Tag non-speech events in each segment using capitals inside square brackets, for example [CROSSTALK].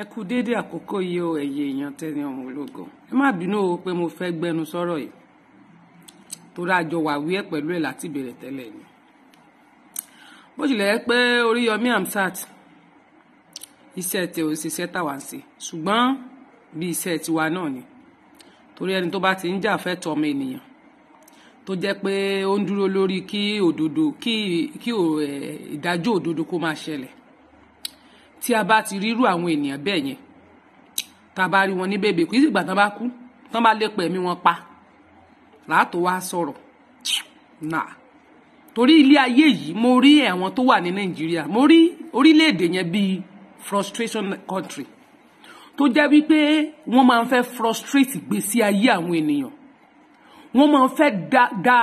ẹ kú dédé àkókò yìí o ẹ̀yẹ èèyàn tẹ́ni ọ̀hún ológo ẹ má bínú o pé mo fẹ́ gbẹnu sọ̀rọ̀ yìí torí àjọ wàwí ẹ̀ pẹ̀lú ẹ̀ láti bẹ̀rẹ̀ tẹ́lẹ̀ ni bó tilẹ̀ yẹ pé Oríyọmí Hamzat iṣẹ́ tẹ ò ṣiṣẹ́ tàwa ń ṣe ṣùgbọ́n bí iṣẹ́ tiwa náà ni torí ẹni tó bá ti ń jà fẹ́ tọ́ ọmọ ènìyàn tó jẹ́ pé ó ń dúró lórí kí òdodo kí ìdájọ́ òdodo kó máa ṣẹlẹ̀ tí a bá ti rírú àwọn ènìyàn bẹ́ẹ̀ yẹn tá a bá rí wọn ní bèbè kì í sì gbà tán bá kú tán bá lè pẹ̀mí wọn pa láàtò wá sọ̀rọ̀ náà torí ilé ayé yìí mo rí ẹ̀wọ̀n tó wà ní Nàìjíríà mo rí orílẹ̀-èdè yẹn bíi frustration country tó jẹ́ wípé wọ́n máa ń fẹ́ frustrate ìgbésí ayé àwọn ènìyàn wọ́n máa ń fẹ́ da da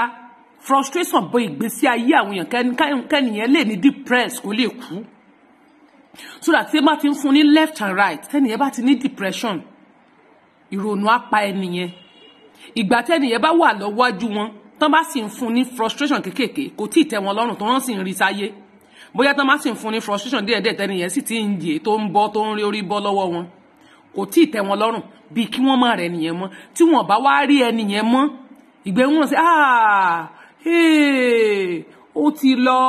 frustration bọ ìgbésí ayé àwọn èèyàn kẹ́niyẹn lè ní depressed kó lè kú so that tí ẹ bá ti ń fún ní left and right tẹ́nìyẹn bá ti ní depression ìrònú á pa ẹnìyẹn ìgbà tẹ́nìyẹn bá wà lọ́wọ́jú wọn tán bá sì ń fún ní frustration kéékèèké kò tíì tẹ́ wọn lọ́rùn tó wọ́n sì ń rí sáyé bóyá tán bá sì ń fún ní frustration díẹ̀díẹ̀ tẹ́nìyẹn sì ti ń yè tó ń bọ́ tó ń rí orí bọ́ lọ́wọ́ wọn kò tíì tẹ́ wọn lọ́rùn bíi kí wọ́n má rẹ̀ ẹnìyẹn mọ́ tí wọ́n bá wá rí ẹnìyẹn mọ́ ìgbẹ́ wọn sí ó ti lọ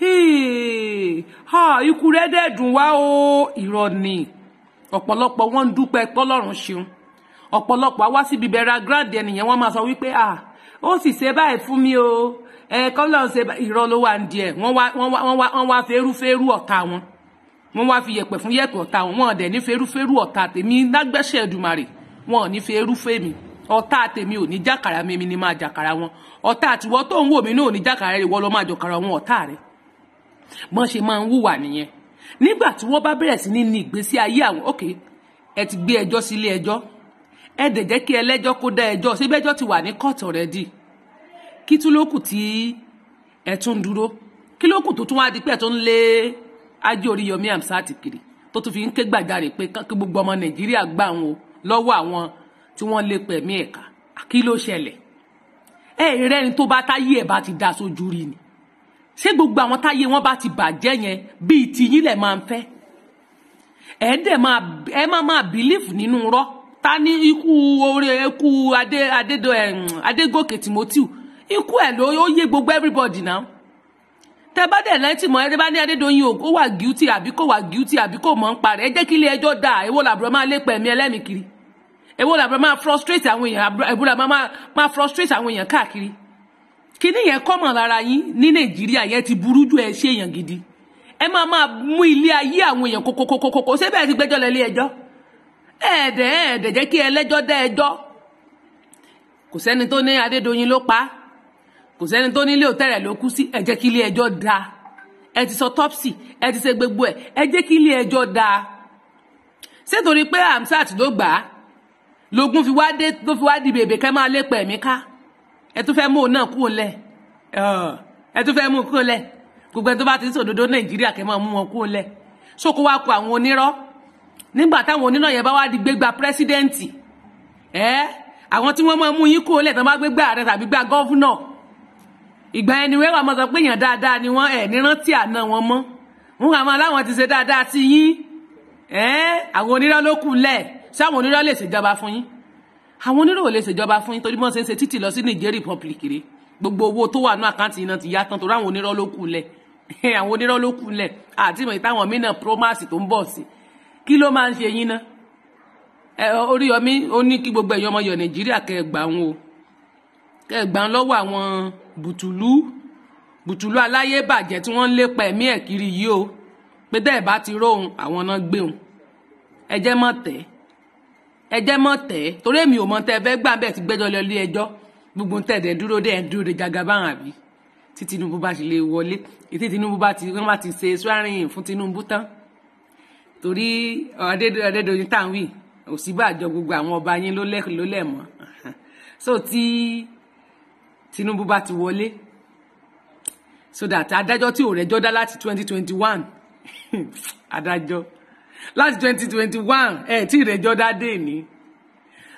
ha! ikú rẹ dẹ̀ dùn wá o irọ́ ni ọ̀pọ̀lọpọ̀ wọ́n ń dúpẹ́ pọ́lọ́run ṣeun ọ̀pọ̀lọpọ̀ wá síbi bẹ̀rẹ̀ grand ẹnìyẹn wọ́n máa sọ wípé à ó sì ṣe báyìí fún mi o ẹ kọ́lọ́run ṣe irọ́ ló wà ń di ẹ̀ wọ́n wá fẹ́rúfẹ́rú ọ̀tá wọn wọ́n wá fi yẹ̀pẹ̀ fún yẹ̀pẹ̀ ọ̀tá wọn wọn dẹ̀ ní fẹ́rúfẹ́rú ọ̀tá tèmi lágbẹ́sẹ̀ Èdùmàrè wọn ò ní fẹ́rúfẹ́ mi ọ̀tá tèmi ò ní jàkàrà mi ni máa jàkàrà wọn ọ̀tá àtiwọ́ tó ń wò mí náà ò ní jàkàrà rẹ̀ wọ́n lọ́ máa jọkàrà wọn ọ̀tá rẹ̀ mọ́ ṣe máa ń hùwà nìyẹn nígbà tí wọ́n bá bẹ̀rẹ̀ sí ní ní ìgbésí ayé àwọn òkè ẹ ti gbé ẹjọ́ sílé ẹjọ́ ẹ dẹ̀ jẹ́ kí ẹlẹ́jọ́ kó dá ẹjọ́ síbẹ̀ ẹjọ́ ti wà ní kóòtù rẹ̀ dì kí tún ló kù tí ẹ tún dúró kí ló kù tó tún wá di pé ẹ tún lé ajé orí yomi amsat kiri tó tún fi ń ké gbàjarè pé kí gbogbo ọmọ nàìjíríà gbà wọn lọ́wọ́ àwọn tí wọ́n lè pẹ̀mí ẹ̀ka kí ló ṣẹlẹ̀ ẹ̀ rẹ́ni tó bá táyé ẹ̀ bá ti dá sójú rí ni ṣé gbogbo àwọn táyé wọn bá ti bàjẹ́ yẹn bíi tiyín lẹ̀ máa ń fẹ́ ẹ̀ dẹ̀ máa ẹ máa máa bìlífù nínú rọ́ ta ní ikú oore ikú adé adédo adégòkè timothy ikú ẹ̀ ló ó yé gbogbo everybody náà tẹ bá dẹ̀ lẹ́tì mọ́ ẹ bá ní adédọ́yìn o kó wà guilty àbí kó wà guilty àbí kó mọ̀ ń parẹ́ ẹ jẹ́ kí ilé ẹjọ́ dà èwo làbúrò máa lé pẹ̀mí ẹlẹ́mìí kiri èwo làbúrò máa frustrate àwọn èèyàn àbúrò máa frustrate àwọn èèyàn káàkiri kíní yẹn kọ́mọ̀ lára yín ní nàìjíríà yẹn ti burú ju ẹ ṣe èèyàn gidi ẹ máa máa mú ilé ayé àwọn èèyàn kókókókókó ṣé bẹ́ẹ̀ ti gbẹ́jọ́ lọ ilé ẹjọ́ ẹ̀ẹ́dẹ̀ ẹ̀ẹ́dẹ̀ jẹ́ kí ẹlẹ́jọ́ dá ẹjọ́ kò sẹ́ni tó ní adédoyin ló pa kò sẹ́ni tó ní ilé òtẹ́rẹ̀ ló kú sí ẹ jẹ́ kí ilé ẹjọ́ dá ẹ ti sọ tọ́psì ẹ ti ṣe gbogbo ẹ ẹ jẹ́ kí ilé ẹjọ́ dá ṣé torí pé amsat ló gbà á lógún fi wá dé tó fi wá di bèbè kẹ́ máa lépa ẹ̀mí ká ẹ tún fẹ́ mú òun náà kúrò lẹ̀ ẹ tún fẹ́ mú kúrò lẹ̀ gbogbo ẹni tó bá ti ń sòdodo nàìjíríà kẹ́ máa mú wọn kúrò lẹ̀ sóko wá kó àwọn onírọ́ nígbà táwọn onírọ́ yẹn bá wá di gbégbá pírẹ́sídẹ́ǹtì ẹ àwọn tí wọ́n máa mú yín kúrò lẹ̀ tán bá gbégbá rẹ tàbí gbá gọ́vùnà ìgbà ẹni wẹ́ẹ́ wà máa sọ pé èèyàn dáadáa ni wọ́n ẹ̀ nírántí àná wọn mọ́ wọn kà máa láwọn ti ṣe dáadáa sí yín ẹ àwọn onírọ́ ló kù lẹ̀ sáwọn onírọ́ lè ṣèjọba fún yín àwọn oníròwò lè ṣèjọba fún yín torí mọ́ ṣe ń ṣe títì lọ sí Niger Republic rè gbogbo owó tó wà ní àkáǹtì iná ti yá tán torí àwọn onírọ́ ló kù lẹ̀ [LAUGHS] àwọn onírọ́ ló kù lẹ̀ àti ìmọ̀ ìtàwọn mí náà promax tó ń bọ̀ sí kí ló máa ń ṣe yín náà Oríyọmí ó ní kí gbogbo ẹ̀yọ́ ọmọ yọ Nàìjíríà kẹgbà wọn o kẹgbà lọ́wọ́ àwọn bùtùlù bùtùlù aláyé bàjẹ́ tí wọ́n ń lépa ẹ̀mí ẹ̀ kiri yìí o pé tẹ́ ẹ̀ bá ti róhun àwọn náà gbéhùn ẹ jẹ́ mọ̀ tẹ́ ẹjẹ́ mọ̀ tẹ́ torí èmi ò mọ̀ tẹ́ fẹ́ gbà bẹ́ẹ̀ ti gbẹ́jọ́ lọ ilé ẹjọ́ gbogbo ń tẹ̀dẹ̀ dúró dé ẹ̀ ń dúró de gàgà báwọn àbí tí Tinubu bá ti lè wọlé ètí Tinubu bá ti wọ́n bá ti ṣe swearing fún Tinubu tán torí Adédoyin tàwí Ọ̀ṣínbàjò gbogbo àwọn ọba yín ló lẹ̀ mọ́ [LAUGHS] so tí Tinubu bá ti wọlé so that adájọ́ tí ò rẹ́jọ́ dá láti twenty twenty one [LAUGHS] adájọ́ láti twenty twenty one ẹ̀ tí ìrẹ́jọ́ dá dé ní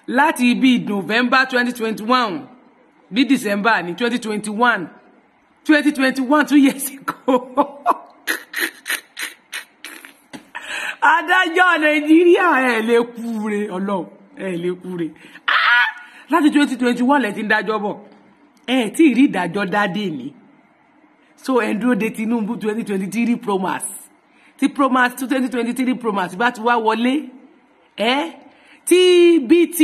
láti ibi november twenty twenty one bí december ni twenty twenty one twenty twenty one two years ago adájọ́ nàìjíríà ẹ̀ lè kú re ọlọ́run ẹ̀ lè kú re ah! láti twenty twenty one lẹ ti ń dájọ́ bọ̀ ẹ̀ tí ì ìdájọ́ dá dé so ẹ̀ ń dúró de tinubu twenty twenty three promise tí promax twenty twenty three promax bá ti wá wọlé ẹ tí bt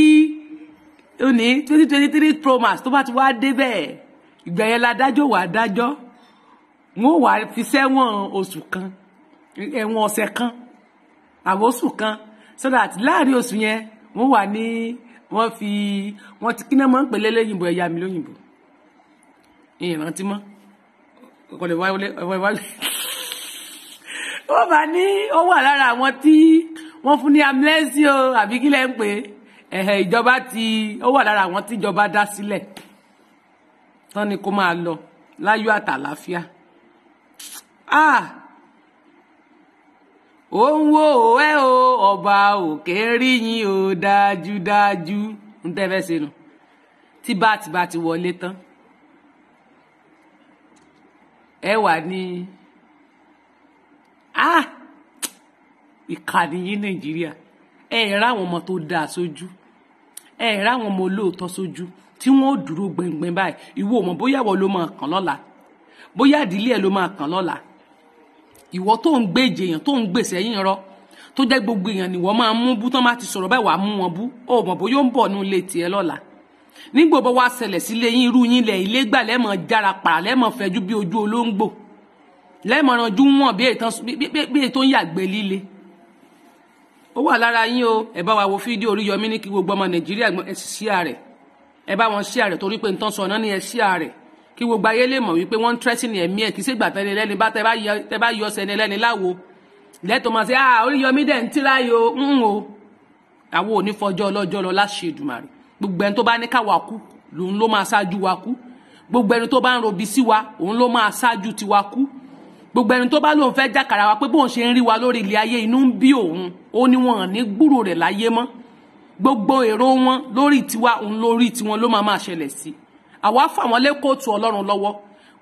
òní twenty twenty three promax tó bá ti wá débẹ̀ ìgbà yẹn la dájọ́ wàá dájọ́ wọn ò wá fi sẹ́wọ̀n oṣù kan ẹ̀wọ̀n ọ̀sẹ̀ kan àbóṣù kan so that láàrin oṣù yẹn wọn wà ní wọn fi wọn ti kíná máa ń pèlè lóyìnbó ẹ̀yà mi lóyìnbó ìrántí mọ́ ọ̀kọ̀lẹ̀ wáyé wáyé ó bá ní ó wà lára àwọn tí wọ́n fún ní amnesty o àbí kí lẹ́ ń pè é ìjọba ti ó wà lára àwọn tíjọba dá sílẹ̀ tán ni kó máa lọ láyọ̀ àtàlàáfíà ó ń wo òwe o ọba òkè rí yín o dájúdájú ń tẹ́fẹ́ sínú tí bá ti bá ti wọlé tán ẹ wà ní. Ah! ìkànnì yín nàìjíríà ẹ ẹ ráwọn ọmọ tó dáa sójú ẹ ẹ ráwọn ọmọ olóòótọ́ sójú tí wọn ò dúró gbẹngbẹng báyìí ìwọ ọmọ bóyá ìwọ ló máa kàn lọ́la bóyá ìdílé ẹ ló máa kàn lọ́la ìwọ tó ń gbé ìjèyàn tó ń gbèsè yín rọ tó jẹ́ gbogbo èèyàn ni wọ́n máa mú bú tán bá ti sọ̀rọ̀ báyìí wàá mú wọn bú ó mọ̀ bó yóò ń bọ̀ nínú ilé tiẹ̀ lọ́la nígbà bó wá ṣẹlẹ̀ sílé yín irú yín lẹ̀ ilé gbà lẹ́mọ̀ jára pàrà lẹ́mọ̀ fẹ́jú bí ojú olóńgbò lẹ́mọ̀ràn jú wọ̀n bí ètò bí ètò ń yàgbé líle ó wà lára yín o ẹ bá wa wo fídíò Oríyọmí ní kí gbogbo ọmọ Nàìjíríà ẹ sì ṣí ààrẹ ẹ bá wọn ṣí ààrẹ torí pé nǹkan sọ ni ẹ ṣí ààrẹ kí gbogbo ayé lè mọ̀ wípé wọ́n ń tẹ́sìn ẹ̀mí ẹ̀ kì í ṣègbà tẹ́ni lẹ́ni bá tẹ́ bá yọ sẹ́ni lẹ́ni láwo lẹ́tọ̀ máa ṣe ah Oríyọmí dẹ̀ ń yo ń o àwọn ò ní fọjọ́ ọlọ́jọ́ lọ láṣẹ Èdùmàrè gbogbo ẹni tó bá ní káwa kú lòun ló máa ṣáájú wa kú gbogbo ẹni tó bá ń robi sí wa òun ló máa ṣáájú tiwa kú gbogbo ẹni tó bá lóun fẹ́ jàkàrà wa pé bóun ṣe ń rí wa lórí ilé ayé inú ń bí òun ó ní wọn ní gbúrò rẹ̀ láyé mọ́ gbogbo èrò wọn lórí tiwa òun lórí tiwọn ló máa máa ṣẹlẹ̀ sí àwa fà wọn lé kóòtù ọlọ́run lọ́wọ́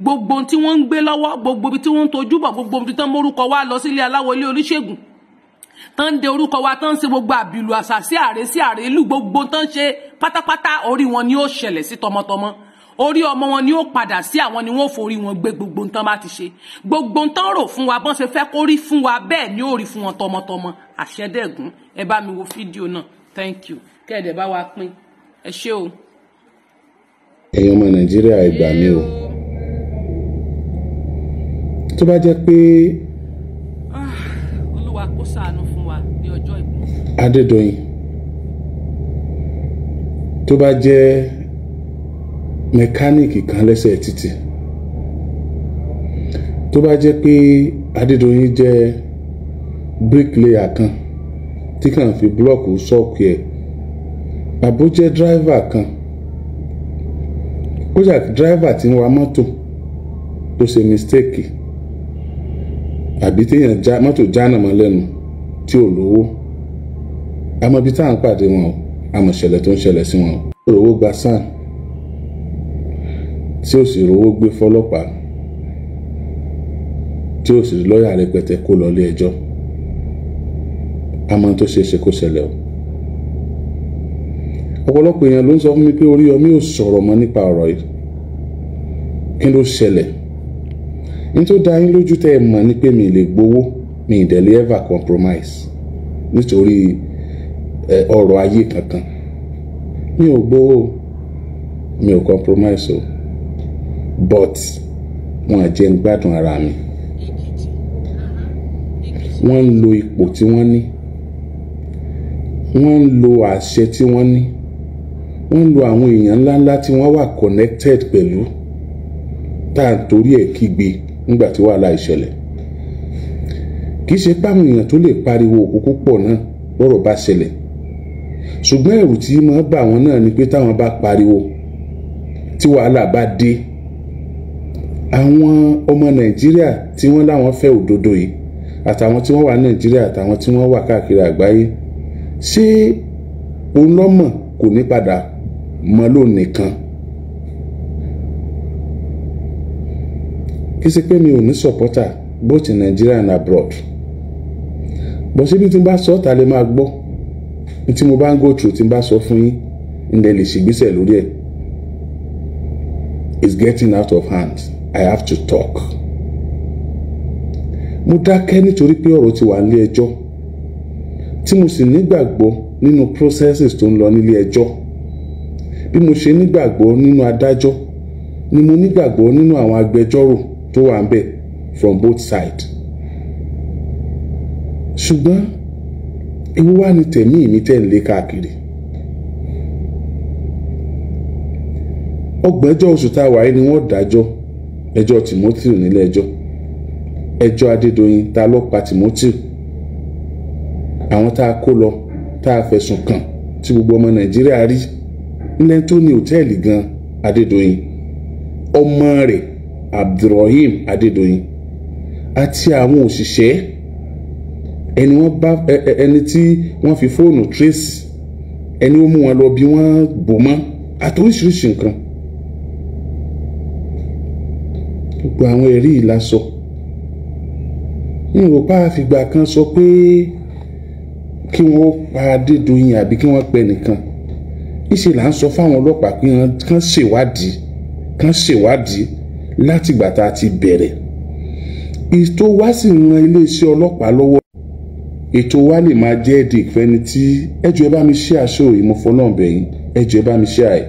gbogbo tí wọ́n ń gbé lọ́wọ́ gbogbo ibi tí wọ́n ń tojú bọ̀ gbogbo ibi tí wọ́n mórúkọ wa lọ sílé aláwọ̀ ilé oníṣègùn tán de orúkọ wa tán ń ṣe gbogbo àbìlù àṣà sí àrè sí àrè ìlú gbogbo tán ṣe pátápátá orí wọn ni ó ṣẹlẹ̀ sí tọmọtọmọ orí ọmọ wọn ni ó padà sí àwọn ni wọn ò forí wọn gbé gbogbo nǹkan bá ti ṣe gbogbo nǹkan rò fún wa bọ́n ṣe fẹ́ kó rí fún wa bẹ́ẹ̀ ni ó rí fún wọn tọmọtọmọ àṣẹdẹ̀gún ẹ bá mi wo fídíò náà thank you kẹ́ẹ̀dẹ̀ bá wa pín ẹ ṣé o. ẹ̀yin ọmọ nàìjíríà ẹ gbà mí o tó bá jẹ́ pé. Ah, olúwa kó ṣàánú fún wa ní ọjọ́ ìgbọ̀n. adédọ̀yìn tó bá jẹ́ mẹkáníìkì kan lẹ́sẹ̀ títì tó bá jẹ́ pé Adédoyin jẹ́ bíríkìlẹ́yà kan tí kàn fi búlọ́ọ̀kù ṣọ́ọ̀kì ẹ̀ àbó jẹ́ dráìvà kan kódà dráìvà tí ń wa mọ́tò tó ṣe mistake àbí téèyàn já mọ́tò jánà mọ́ lẹ́nu tí ò lówó àmọ́ ibi tá à ń pàdé wọn o àmọ́ ìṣẹ̀lẹ̀ tó ń ṣẹlẹ̀ sí wọn o. òrówó gba sáà tí ò sì rówó gbé fọlọ́pàá tí ò sì lọ́ọ̀yà rẹpẹtẹ kó lọ ilé ẹjọ́ àmọ́ tó ṣe é ṣe kó ṣẹlẹ̀ o ọ̀pọ̀lọpọ̀ èèyàn ló ń sọ fún mi pé Oríyọmí ò sọ̀rọ̀ mọ́ nípa ọ̀rọ̀ yìí kí ló ṣẹlẹ̀ nítorí dá yín lójú tẹ́ ẹ mọ̀ ni pé mi lè gbowó mi ìdẹ̀lẹ́ ever compromise nítorí ọ̀rọ̀ ayé kankan mi ò gbowó mi ò compromise o. So but wọn à jẹ́ ń gbádùn ara mi wọ́n ń lo ipò tí wọ́n ní wọ́n ń lo àṣẹ tí wọ́n ní wọ́n ń lo àwọn èèyàn ńláńlá tí wọ́n wà connected pẹ̀lú tá à ń torí ẹ̀ kígbe nígbà tí wàhálà ìṣẹ̀lẹ̀ kì í ṣe páwọn èèyàn tó lè pariwo òkú pọ̀ náà lọ́rọ̀ bá ṣẹlẹ̀ ṣùgbọ́n ẹ̀rù tí máa bà wọ́n náà ni pé táwọn bá pariwo tí wàhálà bá dé àwọn ọmọ nàìjíríà tí wọ́n láwọn fẹ́ òdodo yìí àtàwọn tí wọ́n wà nàìjíríà àtàwọn tí wọ́n wà káàkiri àgbáyé ṣé òun lọ́mọ̀ kò ní padà mọ́ lóun nìkan kí ṣe pé mi ò ní sọ̀pọ́tà both in Nigeria and abroad bọ̀ síbi tí n bá sọ ọ́ ta lè máa gbọ́ tí mo bá ń go through tí n bá sọ fún yín ǹdẹ̀ lè ṣègbésẹ̀ lórí ẹ̀ it's getting out of hand. I have to talk mo dákẹ́ nítorí pé ọ̀rọ̀ ti wà nílé ẹjọ́ tí mo sì nígbàgbọ́ nínú processes tó ń lọ nílé ẹjọ́ bí mo ṣe nígbàgbọ́ nínú adájọ́ ni mo nígbàgbọ́ nínú àwọn agbẹjọ́rò tó wà ń from both sides ṣùgbọ́n ewu wá ní tẹ̀mí mi tẹ̀ ń lé káàkiri ọgbọ̀njọ́ oṣù tá a wà ni wọ́n dájọ́ ẹjọ́ Timothy nílé ẹjọ́ ẹjọ́ Adédoyin ta ló pa Timothy àwọn tá a kó lọ tá a fẹ̀sùn kàn tí gbogbo ọmọ Nàìjíríà rí ńlẹ́ tó ní òtẹ́ẹ̀lì gan Adédoyin ọmọ rẹ̀ Abdulrahim Adédoyin àti àwọn òṣìṣẹ́ ẹni wọ́n bá ẹni tí wọ́n fi fóònù trace ẹni ó mú wọn lọ bí wọ́n bò mọ́ àti oríṣiríṣi nǹkan gbogbo àwọn ẹ̀rí yìí la sọ n ò bá fìgbà kan sọ pé kí wọ́n pa Adédoyin àbí kí wọ́n pẹ nìkan níṣẹ́ là ń sọ fáwọn ọlọ́pàá pé kán ṣèwádìí kán ṣèwádìí látìgbà tá a ti bẹ̀rẹ̀ ètò wa sì ran iléeṣẹ́ ọlọ́pàá lọ́wọ́ ètò wa lè máa jẹ́ èdè ìfẹ́ni tí ẹjọ́ ẹ bá mi ṣe àṣọ ìmọ̀fọ́nàbẹ̀yìn ẹjọ́ ẹ bá mi ṣe àì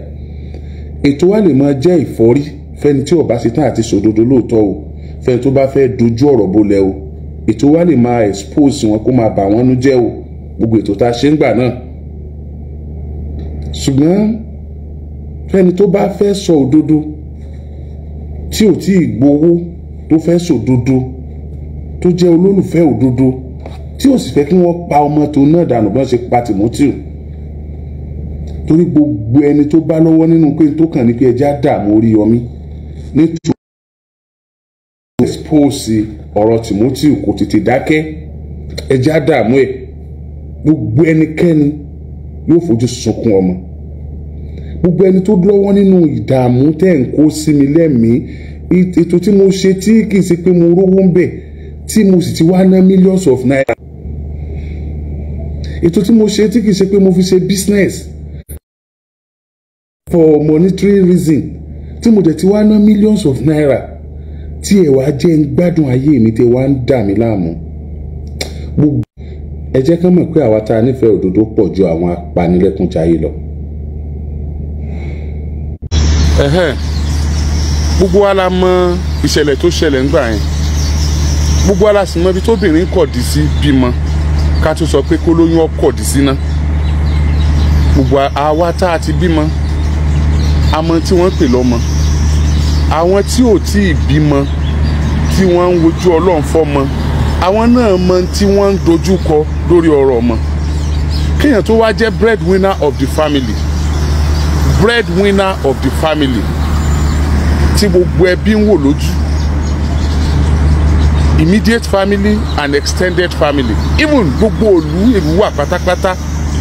ètò wa lè máa jẹ́ ìfọ́rí fẹ́ni tí ò bá ṣetán àti sòdodo lóòótọ́ o fẹ́ni tó bá fẹ́ dojú ọ̀rọ̀ bolẹ̀ o ètò wa lè máa expose wọn kó máa bà wọ́n nú jẹ́ o gbogbo ètò tá a ṣe ń gbà náà ṣùgbọ́n fẹ́ni tó bá fẹ́ sọ òdodo tí ò tí ì gbowó tó fẹ́ sòdodo tó jẹ́ olólùfẹ́ òdodo tí ò sì fẹ́ kí wọ́n pa ọmọ tó náà dànù bọ́n ṣe pa Timothy torí gbogbo ẹni tó bá lọ́wọ́ nínú pé tó kàn ní pé ẹja dààmú orí yọmí nítorí expose ọ̀rọ̀ Timothy kò tètè dákẹ́ ẹja dààmú ẹ̀ gbogbo ẹnikẹ́ni yóò fojú sunkún ọmọ gbogbo ẹni tó lọ́wọ́ nínú ìdààmú tẹ̀ ń kó sí mi lẹ́mìí ètò tí mo ṣe tí kì í ṣe pé mo rówó ń bẹ̀ tí mo sì ti wá ná millions of naira ètò tí mo ṣe tí kì í ṣe pé mo fi ṣe business for monetary reason tí mo dẹ̀ ti wá ná millions of naira tí ẹ̀ wá jẹ́ ń gbádùn ayé mi tẹ́ wá ń dà mí láàmú. gbogbo ẹ jẹ́ ká mọ̀ pé àwa tá a nífẹ̀ẹ́ òdodo pọ̀ ju àwọn apanilẹ́kúnjayé lọ. gbogbo wa la mọ ìṣẹ̀lẹ̀ tó ṣẹlẹ̀ ńgbà yẹn gbogbo wa la sì mọ ibi tóbìnrin kọ̀dí sí bímọ ká tó sọ pé kó lóyún ọkọ̀dí sí náà gbogbo àwa tá a ti bímọ àmọ́ tí wọ́n pè lọ́mọ àwọn tí ò tí ì bímọ tí wọ́n ń wojú ọlọ́run fọ́mọ àwọn náà mọ tí wọ́n ń dojú kọ lórí ọ̀rọ̀ ọmọ kéèyàn tó wá jẹ́ bread winner of the family bread winner of the family tí gbogbo ẹbí ń wò lójú immediate family and extended family even gbogbo òlú èrúwà pátápátá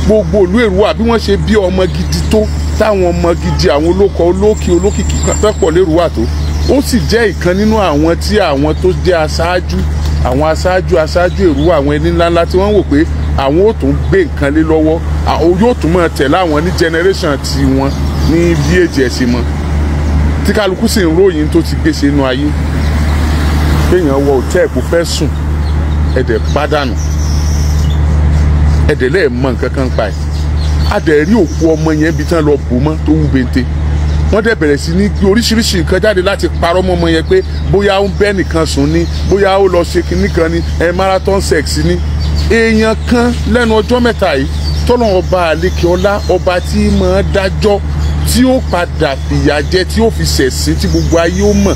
gbogbo òlú èrúwà bí wọ́n ṣe bí ọmọ gidi tó táwọn ọmọ gidi àwọn olókọ olókì olókìkí fẹ́ pọ̀ lérò wà tó ó sì jẹ́ ìkan nínú àwọn tí àwọn tó jẹ́ aṣáájú àwọn aṣáájú aṣáájú èrú àwọn ẹni ńláńlá tí wọ́n wò pé àwọn ò tún gbé nǹkan lé lọ́wọ́ yóò tún máa tẹ̀lé àwọn ní generation ti wọn ní bí èjì ẹ̀sìn mọ́ tí kálukú sì ń ròyìn tó ti gbèsè inú ayé kéèyàn wọ òtẹ́ẹ̀kù fẹ́ sùn ẹ̀dẹ̀ pádànù ẹ̀dẹ̀ lẹ́ẹ̀ mọ nǹkan kan pa ẹ̀ a dẹ̀ rí òkú ọmọ yẹn bí tán lọ bò mọ́ tó wú bente wọ́n dẹ̀ bẹ̀rẹ̀ sí ní oríṣiríṣi nǹkan jáde láti parọ́ mọ́ ọmọ yẹn pé bóyá ó ń bẹ́ nìkan sùn ni bóyá ó lọ ṣe kinní kan ni ẹ̀ marathon sex ni èèyàn kan lẹ́nu ọjọ́ mẹ́ta yìí tọ́lọ́ ọba àlekè ọlá ọba tí máa dájọ́ tí ó padà fìyà jẹ tí ó fi ṣẹ̀sìn tí gbogbo ayé ó mọ̀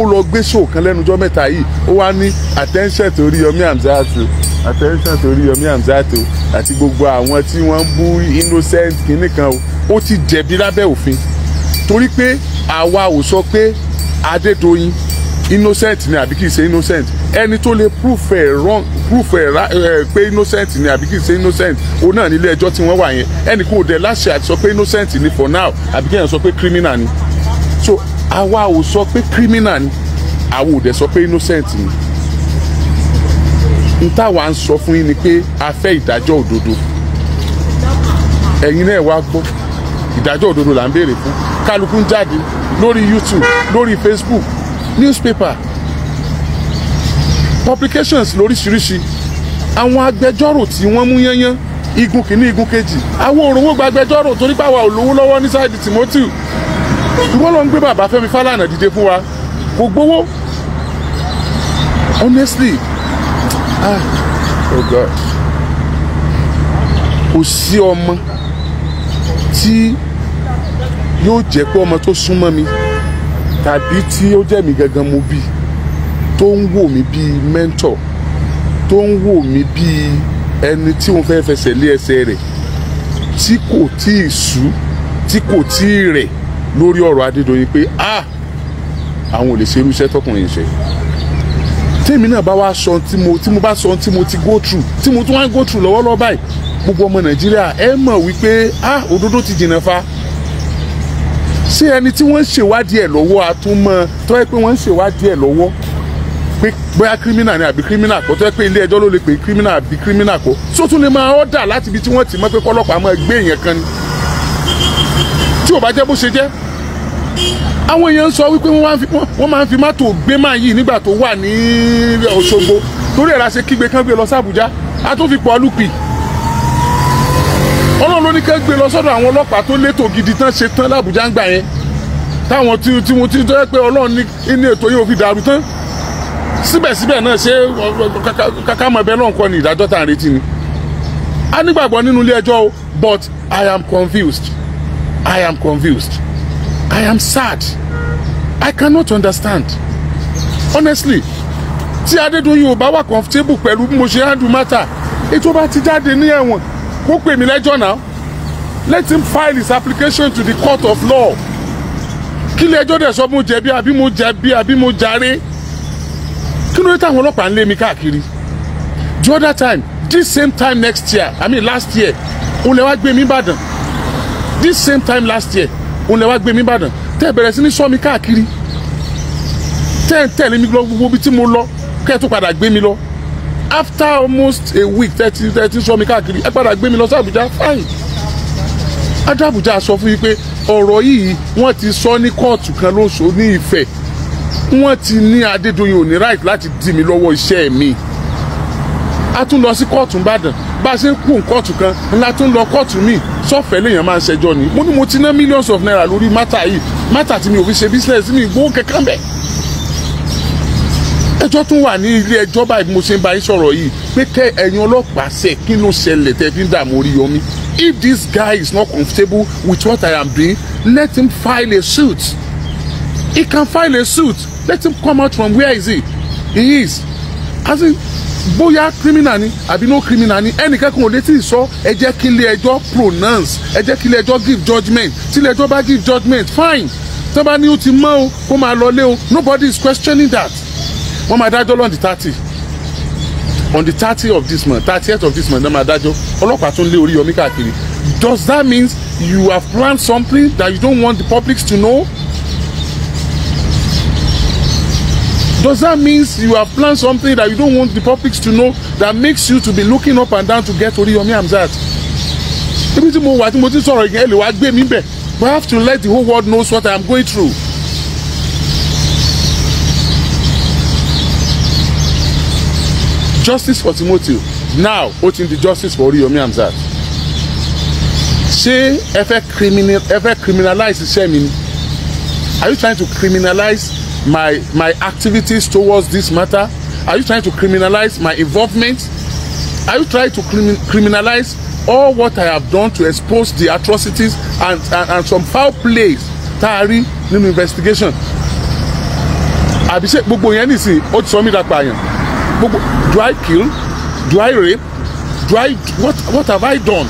ó lọ gbé ṣòkan lẹ́nu ọjọ́ mẹ́ta yìí ó wá ní attention torí Yomi Amzat attention torí yomi amzato àti gbogbo àwọn tí wọ́n ń bú innocent kìnnì kan o ó ti jẹ̀bi lábẹ́ òfin torí pé àwa ò sọ pé adédoyin innocent ni àbí kìí ṣe innocent ẹni tó lè proof ẹ wrong proof ẹ pé innocent ni àbí kìí ṣe innocent òun náà nílé ẹjọ́ tí wọ́n wà yẹn ẹnì kò dẹ̀ láṣẹ àti sọ pé innocent ni for now àbí kìí sọ pé criminal ni so àwa ò sọ pé criminal ni àwa ò dẹ̀ sọ pé innocent ni n táwa ń sọ fún yín ni pé a fẹ́ ìdájọ́ òdodo ẹ̀yin náà wá gbọ́ ìdájọ́ òdodo là ń béèrè fún kálukú ń jáde lórí YouTube lórí Facebook newspaper publications lóríṣiríṣi àwọn agbẹjọ́rò tí wọ́n mú yányán igun kìíní igun kejì àwọn òrówó gba agbẹjọ́rò torí pàwọ́ olówó lọ́wọ́ ní sáìdì Timothy ìwọ́n ló ń gbé bàbá Fẹ́mi Fálànà dìde fún wa kò gbowó honestly ah oh god kò sí ọmọ tí yóò jẹ́ pé ọmọ tó súnmọ́ mi tàbí tí ó jẹ́ mi gangan mo bí tó ń wò mí bíi mentor tó ń wò mí bíi ẹni tí mo fẹ́ fẹsẹ̀ lé ẹsẹ̀ rẹ̀ tí kò tí ì sú tí kò tí ì rẹ̀ lórí ọ̀rọ̀ Adédoyin pé ah àwọn ò lè ṣerú iṣẹ́ tọkùnrin ṣe tèmi náà bá wá sọ tí mo tí mo bá sọ tí mo ti go through tí mo tún wá go through lọ́wọ́lọ́wọ́ báyìí gbogbo ọmọ nàìjíríà ẹ mọ̀ wípé A, òdodo ti jìnnà fa ṣé ẹni tí wọ́n ń ṣèwádìí ẹ̀ lọ́wọ́ a tún mọ̀ tó yẹ pé wọ́n ń ṣèwádìí ẹ̀ lọ́wọ́ pé bóyá kírímínà ni àbí kírímínà kọ́ tó yẹ pé ilé ẹjọ́ ló lè pè kírímínà àbí kírímínà kọ́ tó tún lè máa ọ́dà láti ibi tí wọ́n ti mọ̀ pé kọ́lọ́pàá máa gbé èèyàn kan ni tí ò bá jẹ́ bó ṣe jẹ́ àwọn èèyàn ń sọ wípé wọ́n máa ń fi mọ́tò gbé máa yìí nígbà tó wà ní Òṣogbo torí ẹ̀rọ àṣẹ kígbe kán gbé lọ sí Àbújá a tó fi pọ̀ ọlùpì ọlọ́run ló ní kán gbé lọ sọ́dọ̀ àwọn ọlọ́pàá tó létò gidi tán ṣe tán l'Àbújá ń gbà yẹn táwọn tí tí mo ti jẹ́ pé ọlọ́run ní ètò yìí ò fi dàrú tán síbẹ̀síbẹ̀ náà ṣé kàkà mọ̀ ẹbẹ̀ náà kọ́ ni ìdájọ́ tá à ń retí ni a nígbàgbọ́ nínú ilé ẹjọ́ o but I am confused I am confused. I am sad. I cannot understand. Honestly, tí Adédoyin ò bá wà comfortable pẹ̀lú bí mo ṣe handle matter, ètò bá ti jáde ní ẹ̀wọ̀n kó pè mí lẹ́jọ́ náà. Let him file his application to the court of law. Kí ilé ẹjọ́ dẹ̀ sọ mo jẹ̀bi àbí mo jẹ̀bi àbí mo jàre. Kí ló dé táwọn ọlọ́pàá ń lé mi káàkiri? The other time, this same time next year, I mean last year, olè wá gbé mi Ìbàdàn. This same time last year, òun lẹ wá gbé mi Ìbàdàn tẹ́ ẹ bẹ̀rẹ̀ sí ní sọ mi káàkiri tẹ́ ẹ tẹ̀lé mi lọ gbogbo ibi tí mo lọ kẹ́ ẹ tó padà gbé mi lọ after almost a week tẹ́ ẹ ti sọ mi káàkiri ẹ padà gbé mi lọ sí Àbújá fine adábùjá sọ fún yín pé ọ̀rọ̀ yìí wọ́n ti sọ ní kóòtù kan lóṣù ní Ifẹ̀ wọ́n ti ní Adédoyin ò ní láti dì mí lọ́wọ́ iṣẹ́ mi a tún lọ sí kóòtù ìbàdàn bá a ṣe ń kú kóòtù kan ńlá tún lọ kóòtù míì sọ́fẹ̀ẹ́ lèèyàn máa ń ṣẹjọ́ ni mo ní mo ti ná millions of naira lórí mátà yìí mátà tí mi ò fi ṣe business mi gbowó kankan bẹ́ẹ̀ ẹjọ́ tún wà ní ilé ẹjọ́ báyìí bí mo ṣe ń bá yín sọ̀rọ̀ yìí pé kẹ́ ẹ̀yin ọlọ́pàá ṣe kí ló ṣẹlẹ̀ tẹ́ fi ń dààmú Oríyọmí if this guy is not comfortable with what I am doing let him file a suit he can file a suit let him come out from where is he he is as in bóyá criminal ni àbí no criminal ni ẹnìkankan ò lè tí ì sọ ẹ jẹ́ kí ilé ẹjọ́ pronounce ẹ jẹ́ kí ilé ẹjọ́ give judgement tí ilé ẹjọ́ bá give judgement fine tó bá ní ó ti mọ́ o kó máa lọlé o nobody is questioning that wọ́n máa dájọ́ lọ́n di thirty on the thirty of this month thirtieth of this month náà máa dájọ́ ọlọ́pàá tún lé orí yọmí káàkiri does that mean you have planned something that you don't want the public to know? does that mean you have planned something that you don't want the public to know that makes you to be looking up and down to get Oriyomi Hamzat ibi tí mo wà tí mo ti sọ̀rọ̀ ìgbẹ́ ẹ lè mi bẹ̀ but I have to let the whole world know what I am going through. justice for Timothy now ó ti di justice for Oriyomi Hamzat ṣé ẹ fẹ́ criminalize iṣẹ́ mi ni are you trying to criminalize my my activities towards this matter? Are you trying to criminalize my involvement? Are you trying to crimin criminalize all what I have done to expose the atrocities and and, and some foul plays tá a nínú investigation? Àbí ṣé gbogbo yẹn nìsín ó ti sọ mí dàpọ̀ àyàn? Gbogbo do I kill? Do I rape? Do I what what have I done?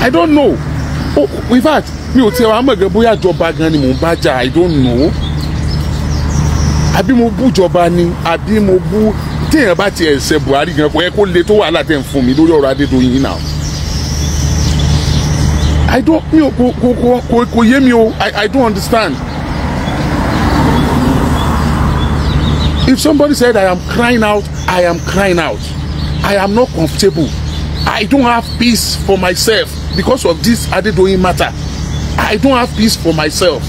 I don't know. Oh, in fact, mi ò tiẹ̀ wá mọ̀ gẹ́gẹ́ bóyá ìjọba gan ni mò ń bá jà I don't know àbí mo bú ìjọba ni àbí mo bú téèyàn bá ti ẹ̀sẹ̀ Buhari gan kò yẹ kó le tó wàhálà tẹ̀ ń fún mi lórí ọ̀rọ̀ Adédoyin náà I don't mi kò kò kò kò yé mi o I, I don't understand if somebody said I am crying out I am crying out I am not comfortable I don't have peace for myself because of this Adedoyin matter I don't have peace for myself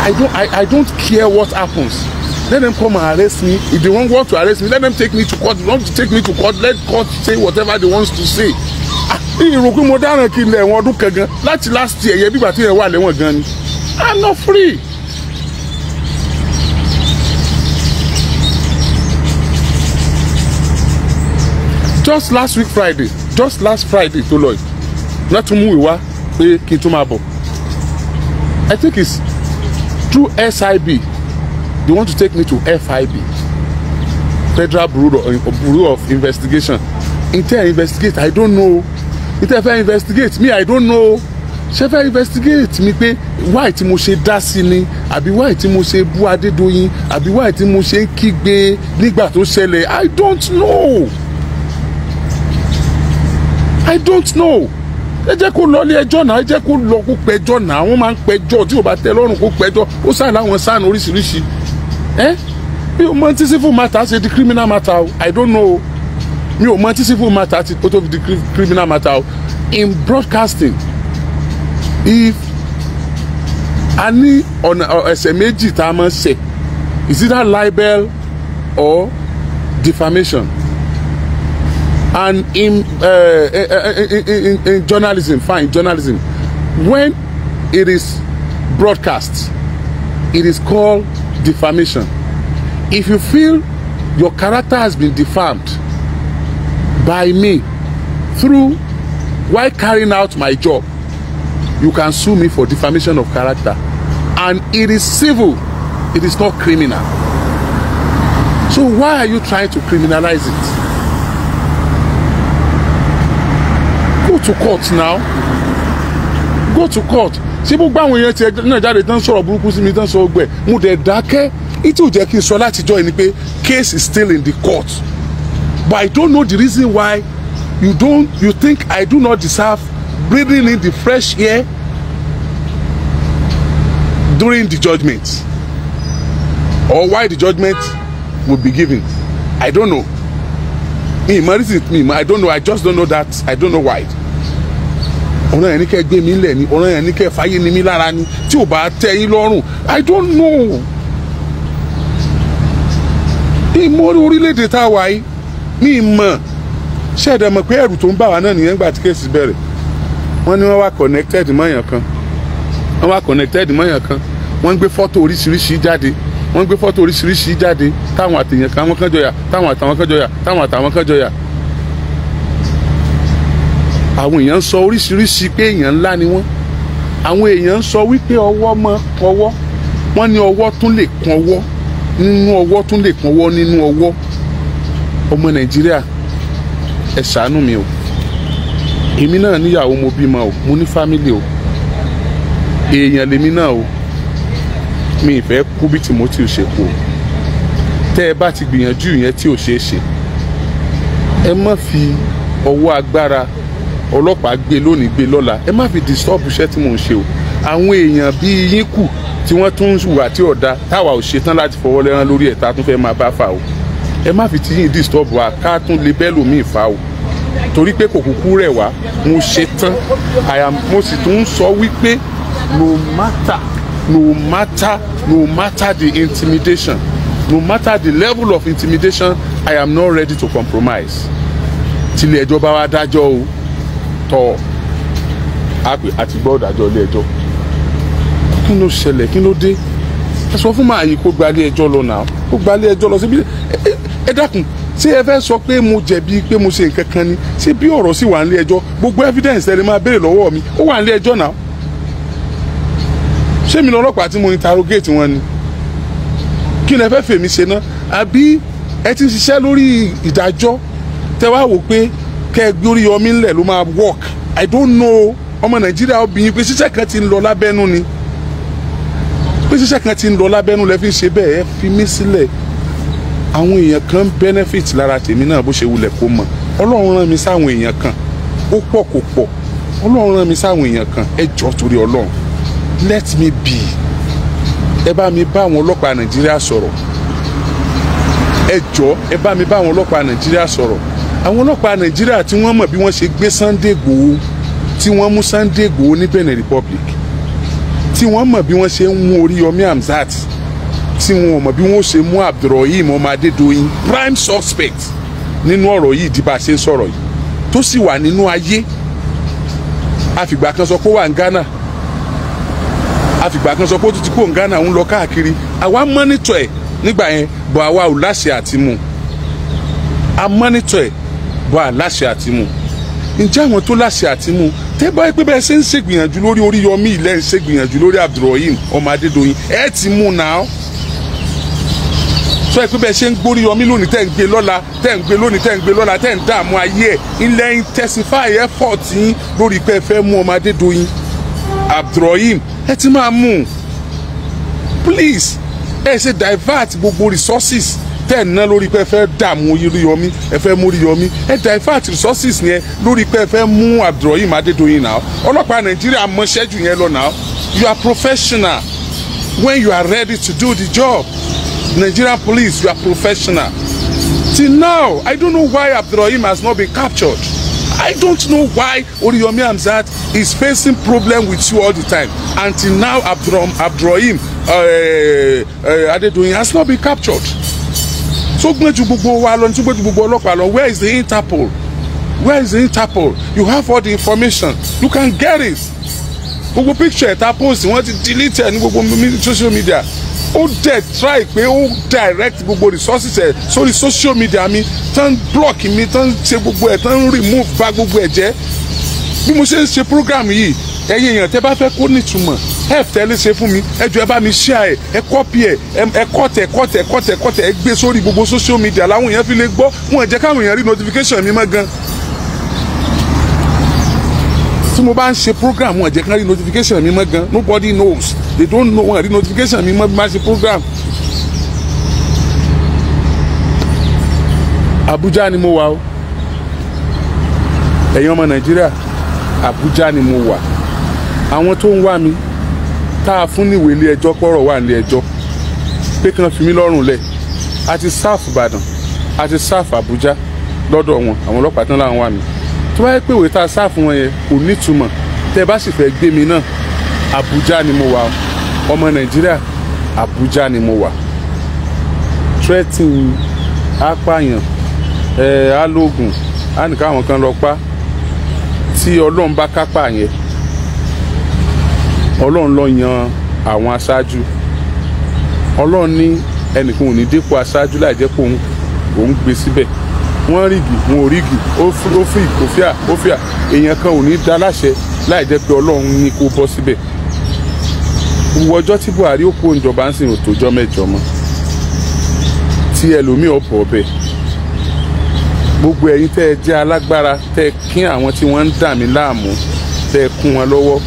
I don't I, I don't care what happens. Let them come and arrest me. If they want to arrest me, let them take me to court. If they want to take me to court, let court say whatever they want to say. Ìrò ah, mo dáràn kí n lẹ̀ ẹ̀wọ̀n ọdún kan gan láti last year yẹn bí ìgbà tí yẹn wà lẹ́wọ̀n gan ni. I'm not free. just last week friday just last friday tó lọ yìí wọ́n tún pé kí n tún máa bọ̀ i think it's through SIB they want to take me to FIB Federal Bureau of, uh, Bureau of Investigation intel investigate I don't know intel fẹ́ investigate me I don't know ṣe fẹ́ investigate mi pé why tí mo ṣe dá sí ni àbí why tí mo ṣe bú Adédoyin àbí why tí mo ṣe ń kígbe nígbà tó ṣẹlẹ̀ I don't know I don't know ẹ jẹ́ kó lọ ẹjọ́ náà ẹ jẹ́ kó lọ kó pẹjọ́ náà wọ́n máa ń pẹjọ́ tí ò bá tẹ lọ́rùn kó pẹjọ́ ó sáà láwọn sáàn oríṣiríṣi ẹ mi ò mọ tí civil matter ṣe di criminal matter o i don't know o mi ò mọ tí civil matter ti tó fi di criminal matter o in broadcasting if a ní ọ̀nà ẹ̀sẹ̀ méjì tá a máa ń ṣe is either libel or defamation and in, uh, uh in, in, in journalism, fine, journalism, when it is broadcast, it is called defamation. If you feel your character has been defamed by me through while carrying out my job, you can sue me for defamation of character. And it is civil, it is not criminal. So why are you trying to criminalize it? to court now go to court ṣé gbogbo àwọn èèyàn tiẹ̀ náà jáde tán sọ̀rọ̀ burúkú sí mi tán sọ ọgbẹ́ mo dẹ̀ dákẹ́ ìtì ò jẹ́ kí n sọ látijọ́ ẹni pé case is still in the court but I don't know the reason why you don't you think I do not deserve breathing in the fresh air during the judgment or why the judgment will be given I don't know me my reason me I don't know I just don't know that I don't know why ọ̀ràn yẹn ní kẹ́ gbé mi lẹ̀ ni ọ̀ràn yẹn ní kẹ́ fàyè ni mí lára ni tí ò bá tẹ́ yín lọ́rùn i don't know ìmọ̀rí orílẹ̀-èdè tá a wà yìí ní ìmọ̀ ṣẹ̀dá mọ̀ pé ẹ̀rù tó ń bà wá náà nìyẹn gbà tí bẹ̀rẹ̀ wọ́n ní wọ́n wá connected mọ́yàn kan wọ́n wá connected mọ́yàn kan wọ́n ń gbé fọ́tò oríṣiríṣi jáde wọ́n ń gbé fọ́tò oríṣiríṣi jáde táwọn àtẹ̀yìn kan wọ́n kàn jọyà táwọn àtàwọn kàn jọyà táwọn àtàwọn kàn jọyà àwọn èèyàn sọ oríṣiríṣi pé èèyàn ńlá ni wọ́n àwọn èèyàn sọ wípé ọwọ́ mọ ọwọ́ wọ́n ní ọwọ́ tún lè kún ọwọ́ nínú ọwọ́ tún lè kún ọwọ́ nínú ọwọ́ ọmọ nàìjíríà ẹ ṣàánú mi o èmi náà níyàwó mo bímọ o mo ní fámìlì o èèyàn lèmi náà o mi ìfẹ́ kú bí Timothy ṣe kú o tẹ́ ẹ bá ti gbìyànjú yẹn tí ò ṣeé ṣe ẹ má fi ọwọ́ agbára ọlọ́pàá gbé lónìí gbé lọ́la ẹ má fi disturb iṣẹ́ tí mò ń ṣe o àwọn èèyàn bíi yín kù tí wọ́n tún wà tí ọ̀dà táwa ò ṣetán láti fọwọ́ lẹ́rán lórí ẹ̀ tún fẹ́ máa bá fà o ẹ má fi ti yín disturb wa ká tún lè bẹ́ẹ̀ lòmíì fa o torí pé kò kúkú rẹ̀ wá mo ṣetán mo sì tún ń sọ wípé no matter no matter no matter the intimidation no matter the level of intimidation I am not ready to compromise tilẹ̀ ẹjọ́ bá wa dájọ́ o tọ́ àti gbọ́ ìdájọ́ ilé ẹjọ́ kí ló ṣẹlẹ̀ kí ló dé ẹ sọ fún màá yìí kó gba ilé ẹjọ́ lọ náà kó gba ilé ẹjọ́ lọ síbi ẹ dákun ṣé ẹ fẹ́ sọ pé mo jẹ̀bi pé mo ṣe nǹkan kan ni ṣé bí ọ̀rọ̀ sì wà nílé ẹjọ́ gbogbo evidence ẹ lè máa béèrè lọ́wọ́ mi ó wà nílé ẹjọ́ náà ṣé mi lọ́lọ́pàá tí mo interrogate wọn ni kí ni ẹ fẹ́ fèmí ṣe náà àbí ẹ ti ń ṣiṣẹ́ lórí ìdájọ́ tẹ wá wò pé kẹ́ ẹ gbórí yọmí ńlẹ̀ ló máa work i don't know ọmọ nàìjíríà obìnrin pé ṣíṣẹ́ kan ti ń lọ lábẹ́nú ni pé ṣíṣẹ́ kan ti ń lọ lábẹ́nú lẹ́ fi ń ṣe bẹ́ẹ̀ ẹ fi mí sílẹ̀ àwọn èèyàn kan benefit lára tèmi náà bó ṣe wulẹ̀ kó mọ̀ ọlọ́run rán mi sáwọn èèyàn kan ó pọ̀ kò pọ̀ ọlọ́run rán mi sáwọn èèyàn kan ẹ jọ̀ọ́ torí ọlọ́run let me be ẹ bá mi bá àwọn ọlọ́pàá nàìjíríà sọ̀rọ̀ ẹ jọ̀ọ́ ẹ bá mi bá àwọn ọlọ́pàá nàìjíríà sọ̀rọ̀ àwọn ọlọ́pàá nàìjíríà tí wọ́n mọ̀ bí wọ́n ṣe gbé Sunday Igboho tí wọ́n mú Sunday Igboho ní Benin Republic tí wọ́n mọ̀ bí wọ́n ṣe ń mú Oríyọmí Hamzat tí wọ́n mọ̀ bí wọ́n ṣe mú Abdulrahim ọmọ prime suspect nínú ọ̀rọ̀ yìí di bá a ṣe ń sọ̀rọ̀ yìí tó sì wà nínú ayé àfìgbà kan sọ pé ó wà ní Ghana àfìgbà kan sọ pé ó tún ti kó ní Ghana ń lọ káàkiri àwa mọ́nítọ̀ ẹ̀ nígbà yẹn bọ̀ àwa ò láṣẹ àti a mọ́nítọ̀ ẹ̀ wà láṣẹ àtìmú ǹjẹ́ àwọn tó láṣẹ àtìmú tẹ́ bá yẹ pé bẹ́ẹ̀ ṣe ń ṣègbìyànjú lórí Oríyọmí ilẹ̀ ń ṣègbìyànjú lórí Abdulrahim ọmọ Adédoyin ẹ ti mú náà sọ pé bẹ́ẹ̀ ṣe ń gbórí Yọmí lónìí tẹ́ ń gbé lọ́la tẹ́ ń gbé lónìí tẹ́ ń gbé lọ́la tẹ́ ń dààmú ayé ẹ̀ ilẹ̀ intensify effort yín lórí pé ẹ fẹ́ mú ọmọ Adédoyin Abdulrahim ẹ ti máa mú please ẹ ṣe divert gbogbo resources tẹ́ ẹ̀ ná lórí pé ẹ fẹ́ dààmú Oríyọmí ẹ fẹ́ mú Oríyọmí ẹ divert resources yẹn lórí pé ẹ fẹ́ mú Abdulrahim Adédoyin náà ọlọ́pàá Nàìjíríà mọṣẹ́ jù yẹn lọ náà you are professional when you are ready to do the job Nigerian police you are professional till now I don't know why Abdulrahim has not been captured I don't know why Oriyomi Hamzat is facing problem with you all the time until now Abdulrahim uh, uh, Adedoyin has not been captured tó gbọ́n ju gbogbo wa lọ tó gbọ́n ju gbogbo ọlọ́pàá lọ where is the Interpol where is the Interpol you have all the information you can get it gbogbo picture ẹ̀ta post wọ́n ti delete ẹ̀ ní gbogbo social media ó dẹ̀ try pé ó direct gbogbo resources ẹ̀ sórí social media mi tán block mi tán ṣe gbogbo ẹ̀ tán remove bà gbogbo ẹ̀ jẹ́ bí mo ṣe ń ṣe program yìí ẹ̀yin èèyàn tẹ́ bá fẹ́ kó nítumọ̀ help tẹ́lẹ̀ ṣe fún mi ẹ jọ ẹ bá mi share ẹ copy ẹ ẹ kọ́tẹ̀ kọ́tẹ̀ kọ́tẹ̀ kọ́tẹ̀ ẹ gbé sórí gbogbo social media láwọn èèyàn fi lè gbọ́ wọn jẹ́ káwọn èèyàn rí notification mi mọ́ gan tí mo bá ń ṣe program wọn jẹ́ kán rí notification mi mọ́ gan nobody knows they don't know wọn rí notification mi mọ́ bí wọ́n ṣe program. Abuja ni mo wà o ẹ̀yin ọmọ Nàìjíríà Abuja ni mo wà àwọn tó ń wá mi tá a fún níwèé ilé ẹjọ́ pọ̀rọ̀ wà nílé ẹjọ́ pé kí wọ́n fi mí lọ́rùn lẹ̀ àti sáàf ìbàdàn àti sáàf àbújá lọ́dọ̀ wọn àwọn ọlọ́pàá tán láwọn wà mí tó bá yẹ pé ìwé tá a sáàf wọn yẹn kò nítumọ̀ tẹ́ bá sì fẹ́ gbé mi náà àbújá ni mo wà ọmọ nàìjíríà àbújá ni mo wà threatin apààyàn ẹ̀ alógun á nìkan àwọn kan lọ pa tí ọlọ́run bá kápá yẹn ọlọ́run ló yan àwọn aṣáájú ọlọ́run ní ẹnìkan ò ní dípò aṣáájú láì jẹ́ pé òun gbé síbẹ̀ wọ́n rígì wọn ò rígì ó fì kò fíà ó fíà èèyàn kan ò ní dá láṣẹ láì jẹ́ pé ọlọ́run ní kó bọ́ síbẹ̀ gbogbo ọjọ́ tí Buhari ó kó ìjọba ń sìn òtòjọ́ mẹ́jọ mọ́ tí ẹlòmíì ọ̀pọ̀ ọbẹ̀ gbogbo ẹ̀yin tẹ́ ẹ jẹ́ alágbára tẹ́ ẹ kín àwọn tí wọ́n ń dà mí láàmú tẹ́ ẹ kún wọn lọ́wọ́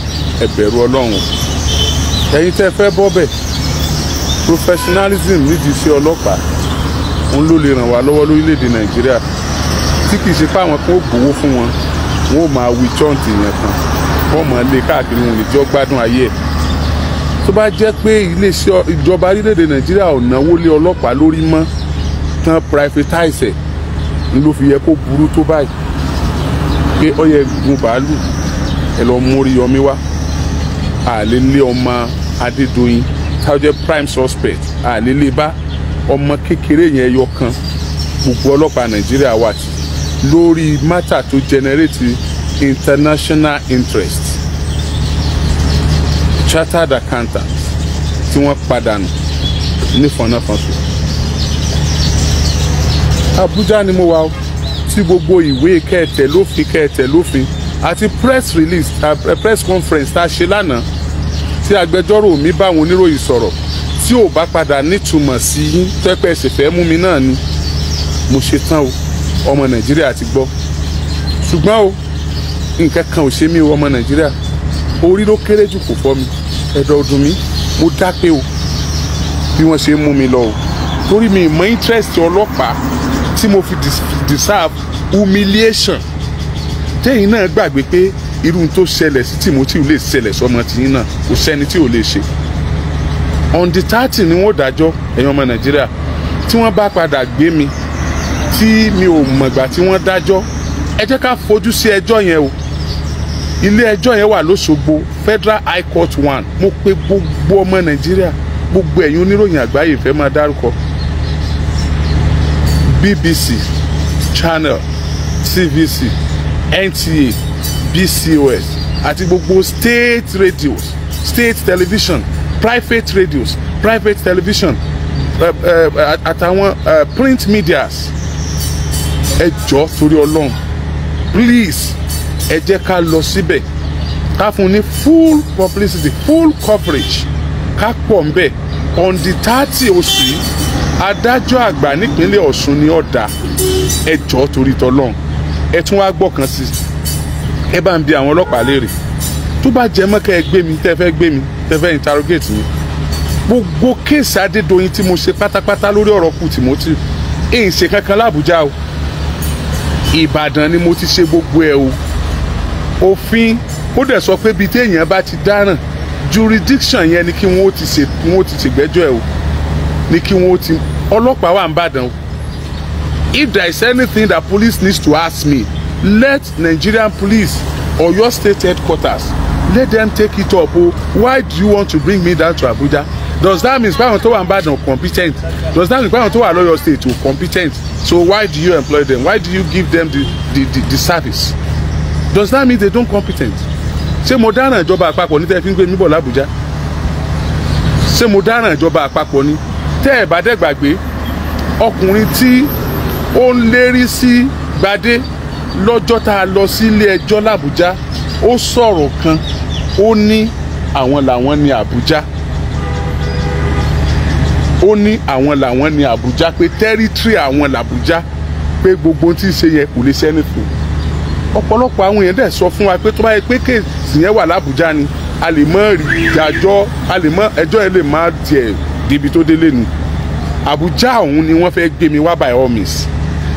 ẹ bẹ̀rù ọlọ́run ẹ̀yin tẹ́ fẹ́ bọ́bẹ̀ professionalism nídìí iṣẹ́ ọlọ́pàá òun ló lè ràn wá lọ́wọ́ lórílẹ̀‐èdè nàìjíríà tí kì í ṣe fáwọn kan ó gbowó fún wọn wọn ò máa wí chọ́ǹtì yẹn kan wọn máa lé káàkiri wọn lè jọ gbádùn ayé ẹ̀ tó bá jẹ́ pé iléeṣẹ́ ìjọba orílẹ̀‐èdè nàìjíríà ò náwó lé ọlọ́pàá lórí mọ́ tán privatize ẹ̀ ń ló fi yẹ kó burú tó báyìí pé ó gun bàálù ẹ lọ mórí yọmí wá àlélé ọmọ Adédoyin táwọn jẹ́ prime suspect àlélé bá ọmọ kékeré yẹn yọ kan gbogbo ọlọ́pàá Nàìjíríà wà tì lórí mátà tó generate international interest chartered accountant tí wọ́n padànù nífọ̀nàfọ̀sọ̀ Abuja ni mo wà ó tí gbogbo ìwé kẹtẹ lófin kẹtẹ lófin àti press release uh, press conference tá a ṣe lánàá tí agbẹjọ́rò mi bá àwọn oníròyìn sọ̀rọ̀ tí ò bá padà nítumọ̀ sí yín tẹ́pẹ́ ẹ̀sẹ̀ fẹ́ mú mi náà ni mo ṣe tán o ọmọ nàìjíríà ti gbọ́ ṣùgbọ́n o nǹkan kan ò ṣe mí o ọmọ nàìjíríà orí ló kéré jù kò fọ́ mi ẹ̀dọ̀ ọdún mi mo dápé o bí wọ́n ṣe mú mi lọ o torí mi ìmọ̀ interest ọlọ́pàá tí mo fi deserve humiliation téyìn náà gbàgbé pé irú tó ṣẹlẹ̀ sí Timothy lè ṣẹlẹ̀ sọmọ tìyín náà kò sẹ́ni tí ò lè ṣe on the thirty ni wọ́n dájọ́ ẹ̀yin ọmọ Nàìjíríà tí wọ́n bá padà gbé mi tí mi ò mọ̀gbà tí wọ́n dájọ́ ẹ jẹ́ ká fojú sí ẹjọ́ yẹn o ilé ẹjọ́ yẹn wà lóṣogbo Federal High Court one mo pe gbogbo ọmọ Nàìjíríà gbogbo ẹ̀yin oníròyìn àgbáyé fẹ́ máa dárúkọ BBC Channel TVC NTA bcos àti gbogbo state radios state television private radios private television àtàwọn uh, uh, uh, print medias ẹ jọ̀ọ́ torí ọlọ́run please ẹ jẹ́ ká lọ síbẹ̀ ká fún ní full publicity full coverage ká pọ̀ ńbẹ̀ on the thirty oṣù yìí adájọ́ àgbà nípínlẹ̀ ọ̀ṣun ni ọ̀dà ẹ jọ̀ọ́ torí tọlọ́run ẹ tún wá gbọ́kàn sí i ẹ bá ń bi àwọn ọlọ́pàá léèrè tó bá jẹ mọ́ kẹ́ ẹ gbé mi tẹ́ gbé mi tẹ́ interrogate mi gbogbo kéèsì Adédoyin tí mo ṣe pátápátá lórí ọ̀rọ̀ kù Timothy èyí ṣe kankan lábújá o Ìbàdàn ni mo ti ṣe gbogbo ẹ o òfin ó dẹ̀ sọ pé bíi téèyàn bá ti dáràn jurisdiction yẹn ni kí wọ́n ti ṣe wọ́n ti ṣègbẹ́jọ́ ẹ̀ o ni kí wọ́n ti ọlọ́pàá wà ń bàdàn o if there is anything that police needs to ask me let nigerian police or your state headquarters let them take it up o oh. why do you want to bring me down to abuja does that mean báwọn tó wà ń bàdàn competent does that mean báwọn tó wà lọ́yọ̀ state o competent so why do you employ them why do you give them the the the, the service does that mean they don't competent ṣé mo dáràn ìjọba àpapọ̀ ní tẹ́ fi ń gbé mi bọ̀ làbújá ṣé mo dáràn ìjọba àpapọ̀ ní tẹ́ ẹ̀ bá dẹ̀ ọkùnrin tí ó ń lérí sí gbadé lọ́jọ́ tá a lọ sí ilé ẹjọ́ làbújá ó sọ̀rọ̀ kan ó ní àwọn làwọn ní àbújá ó ní àwọn làwọn ní àbújá pé tẹ́rítírì àwọn làbújá pé gbogbo tí ń ṣe yẹn kò lè sẹ́ni fún ọ̀pọ̀lọpọ̀ àwọn èèyàn dẹ̀ sọ fún wa pé tó bá yẹ pé kéèsì yẹn wà làbújá ni a lè mọ ìdájọ́ a lè mọ ẹjọ́ yẹn lè má tiẹ̀ débi tó délé ni àbújá ọ̀hún ni wọ́n fẹ́ gbé mi wá by all means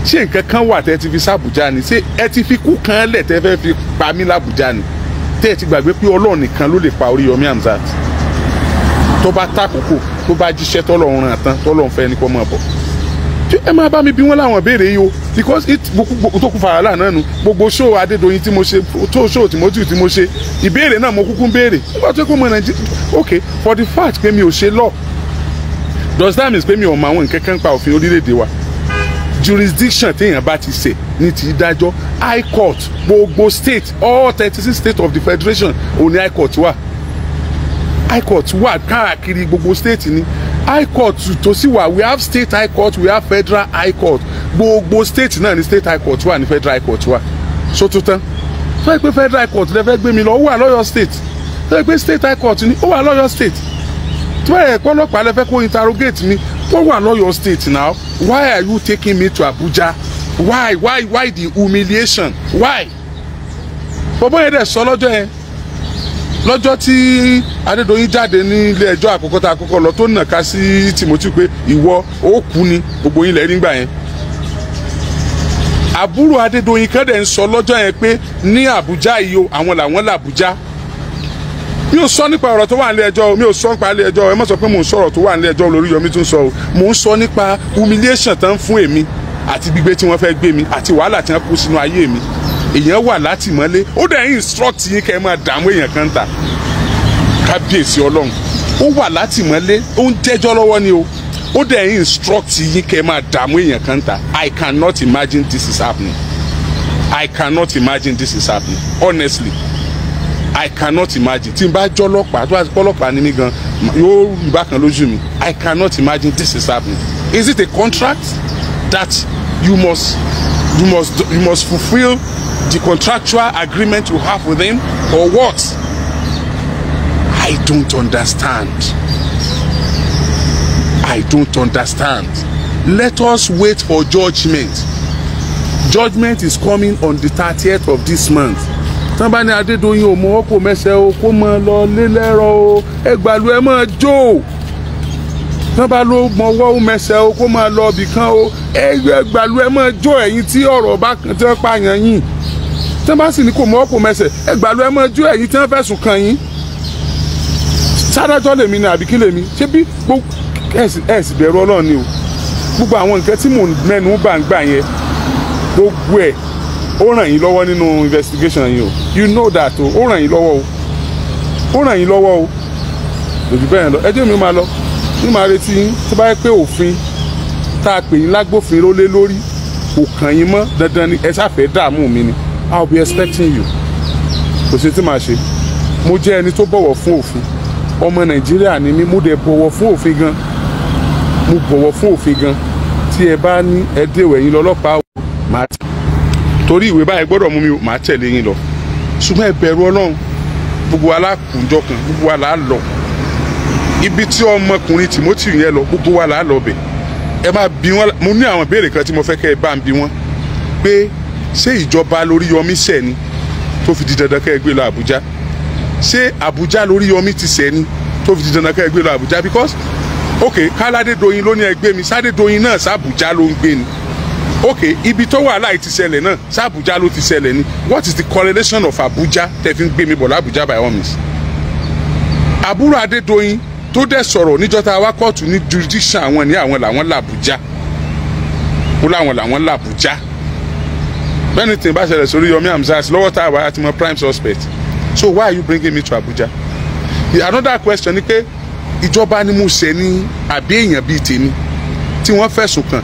ṣé nǹkan kan wà tẹ́ ti fi sábùjá ni ṣé ẹ ti fi kú kan lẹ̀ tẹ́ fẹ́ fi pa mí lábùjá ni tẹ́ ẹ ti gbàgbé pé ọlọ́run nìkan ló lè pa Oríyọmí Hamzat tó bá tàkókò tó bá jíṣẹ́ tọ́lọ́run ràn tán tọ́lọ́run fẹ́ ní kó máa bọ̀ tí ẹ máa bá mi bí wọ́n láwọn béèrè yìí o because it gbogbo tó kú fàràlà náà nu gbogbo ṣó Adédoyin tí mo ṣe tó ṣó Timothy tí mo ṣe ìbéèrè náà mo kúkú ń béèrè nígbà tó kó mọ Nàìjíríà ok for the fact pé mi ò ṣe law does that mean pé mi ò mọ àwọn nǹkan kan pa òfin orílẹ̀-èdè wa jurisdiction téèyàn bá ti ṣe ní ti dájọ́ high court gbogbo state all thirty six states of the federation òun ni high court wà high court wà káàkiri gbogbo state ni high court tó sì wà we have state high court we have federal high court gbogbo state náà ni state high court wà ní federal high court wà sótó tán tó yẹ pé federal high court lè fẹ́ gbé mi lọ ó wà lọ́yọ̀ state tó yẹ pé state high court ni ó wà lọ́yọ̀ state tó yẹ pé ọlọ́pàá lè fẹ́ kó interrogate mi But we are not your state now. Why are you taking me to Abuja? Why? Why? Why the humiliation? Why? Bọ́bọ́ yẹn dẹ̀ sọ lọ́jọ́ yẹn. Lọ́jọ́ tí Adédoyin jáde ní ilé ẹjọ́ àkọ́kọ́ tá a kọ́kọ́ lọ tó nàka sí Timothy pé ìwọ ó kú ni gbogbo yín lẹ́rìí gbà yẹn. Àbúrò Adédoyin kan dẹ̀ ń sọ lọ́jọ́ yẹn pé ní Àbújá yìí o àwọn làwọn làbújá. La mi ò sọ nípa ọ̀rọ̀ tó wà nílé ẹjọ́ mi ò sọ nípa ilé ẹjọ́ ẹ má sọ pé mò ń sọ̀rọ̀ tó wà nílé ẹjọ́ lórí yọmí tún sọ o mò ń sọ nípa humiliation tán fún èmi àti gbígbé tí wọ́n fẹ́ gbé mi àti wàhálà tí wọ́n kó sínú ayé mi èèyàn wà látìmọ́lé ó dẹ̀ instruct yín kẹ́ ẹ máa dààmú èèyàn kan ta kábíyèsí ọlọ́run ó wà látìmọ́lé ó ń jẹ́jọ́ lọ́wọ́ ni o ó dẹ̀ instruct yín kẹ́ ẹ máa dààmú èèyàn kan ta I cannot imagine this is happening I cannot imagine this is happening honestly i cannot imagine tí n bá jọ́ ọlọ́pàá tó bá ti kọ́ ọlọ́pàá ni mí gan yóò rí bákan lójú mi i cannot imagine this is happening is it a contract that you must you must you must fulfil the contractual agreement you have with him or what i don't understand i don't understand let us wait for judgement judgement is coming on the thirtieth of this month tán bá ní Adédoyin òmò ọkọ mẹsẹ o kó mọ lọ lélẹrọ o ẹgbàlú ẹ máa jó o tán bá ló mọwọ́ ó mẹsẹ o kó máa lọ ibìkan o ẹgbàlú ẹ máa jó ẹ̀yin tí ọ̀rọ̀ bá kàn tí wọ́n pààyàn yìí tán bá sì ní kò mọ ọkọ mẹsẹ ẹgbàlú ẹ máa jó ẹ̀yin tí wọ́n fẹ̀sùn kàn yín sádájọ́ lèmi ni àbí lèmi ṣé bí ẹ sì bẹ̀rù ni o gbogbo àwọn nǹkan tí mò ń mẹ́nu bà ń gbà yẹn gbogbo ẹ̀ ó ràn yín lọ́wọ́ nínú investigation yín o you know that o ó ràn yín lọ́wọ́ o ó ràn yín lọ́wọ́ o lòdì bẹ́ẹ̀ lọ ẹjẹ́ mi máa lọ mi máa retí yín tó bá yẹ pé òfin tá a pè yín lágbófinró lé lórí kò kàn yín mọ́ dandan ni ẹ ṣàfẹ́ dààmú mi ni i will be expecting you kò sí tí màá ṣe mo jẹ́ ẹni tó bọ̀wọ̀ fún òfin ọmọ nàìjíríà ni mí mo dẹ̀ bọ̀wọ̀ fún òfin gan mo bọ̀wọ̀ fún òfin gan tí ẹ bá ní ẹ dèwọ̀ ẹ̀yìn lọ́lọ́pàá màá ti torí ìwé báyìí gbọ́dọ̀ mú mi màá tẹ̀lé yín lọ ṣùgbọ́n ẹ bẹ̀rù ọlọ́run gbogbo wa lákùnjọ kan gbogbo wa là á lọ ibi tí ọmọkùnrin Timothy yẹn lọ gbogbo wa là á lọ bẹ̀ ẹ máa bi wọn mo ní àwọn ìbéèrè kan tí mo fẹ́ kẹ́ ẹ bá ń bi wọn pé ṣé ìjọba lórí yọmí ṣẹ̀ ni tó fi di dandan kẹ́ ẹ gbé lọ Àbújá ṣé Àbújá lórí yọmí ti ṣẹ̀ ni tó fi di dandan kẹ́ ẹ gbé lọ Àbújá because ok káládé doyin ló ní ẹ gbé mi sádé doyin náà sábùjá ló ń gbé ni ok ibi tó wàhálà yìí ti ṣẹlẹ̀ náà ṣé Àbújá ló ti ṣẹlẹ̀ ni what is the correlation of Abuja, tẹ́ fi ń gbé mi bọ̀ lábújá by all means. àbúrò Adédoyin tó dẹ̀ sọ̀rọ̀ níjọ́ wa a wá kóòtù ní jurisdiction àwọn ní àwọn làwọn làbújá ó láwọn làwọn làbújá bẹ́ẹ̀ tí n bá ṣẹlẹ̀ sórí Yomi Amzat lọ́wọ́ tá a wà ti mọ prime suspect so why are you bringing me to Abuja another question ni pé ìjọba ni mo ṣẹ̀ ní àbí èèyàn bíi tèmi tí wọ́n fẹ̀sùn kàn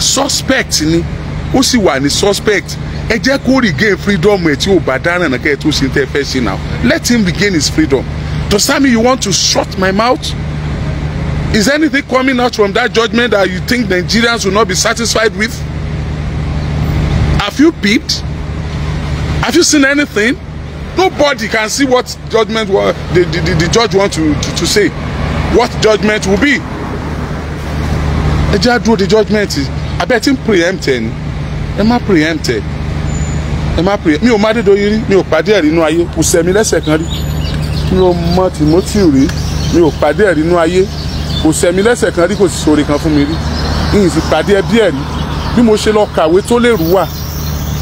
suspect ni ó sì wà ní suspect ẹ jẹ́ kó regain freedom ẹ̀ tí ò bá dáná náà kẹ́ ẹ tó ṣe tẹ́ ẹ fẹ́ ṣe now let him regain his freedom does that mean you want to shut my mouth is anything coming out from that judgment that you think Nigerians will not be satisfied with have you peeped have you seen anything nobody can see what judgment the, the, the, the judge want to, to, to say what judgment will be ẹ jẹ́ àdúró the judgment is abẹ́ ti ń preempt ẹ ni ẹ má preempt ẹ ẹ má preempt mi ò má Adédoyin rí mi ò pàdé ẹ̀rí inú ayé kò sẹ̀mí lẹ́sẹ̀ kan rí mi ò mọ Timothy rí mi ò pàdé ẹ̀rí inú ayé kò sẹ̀mí lẹ́sẹ̀ kan rí kò sì sóore kan fún mi rí ìyìn sì pàdé ẹbí ẹ̀rí bí mo ṣe lọ kàwé tó lè rú wà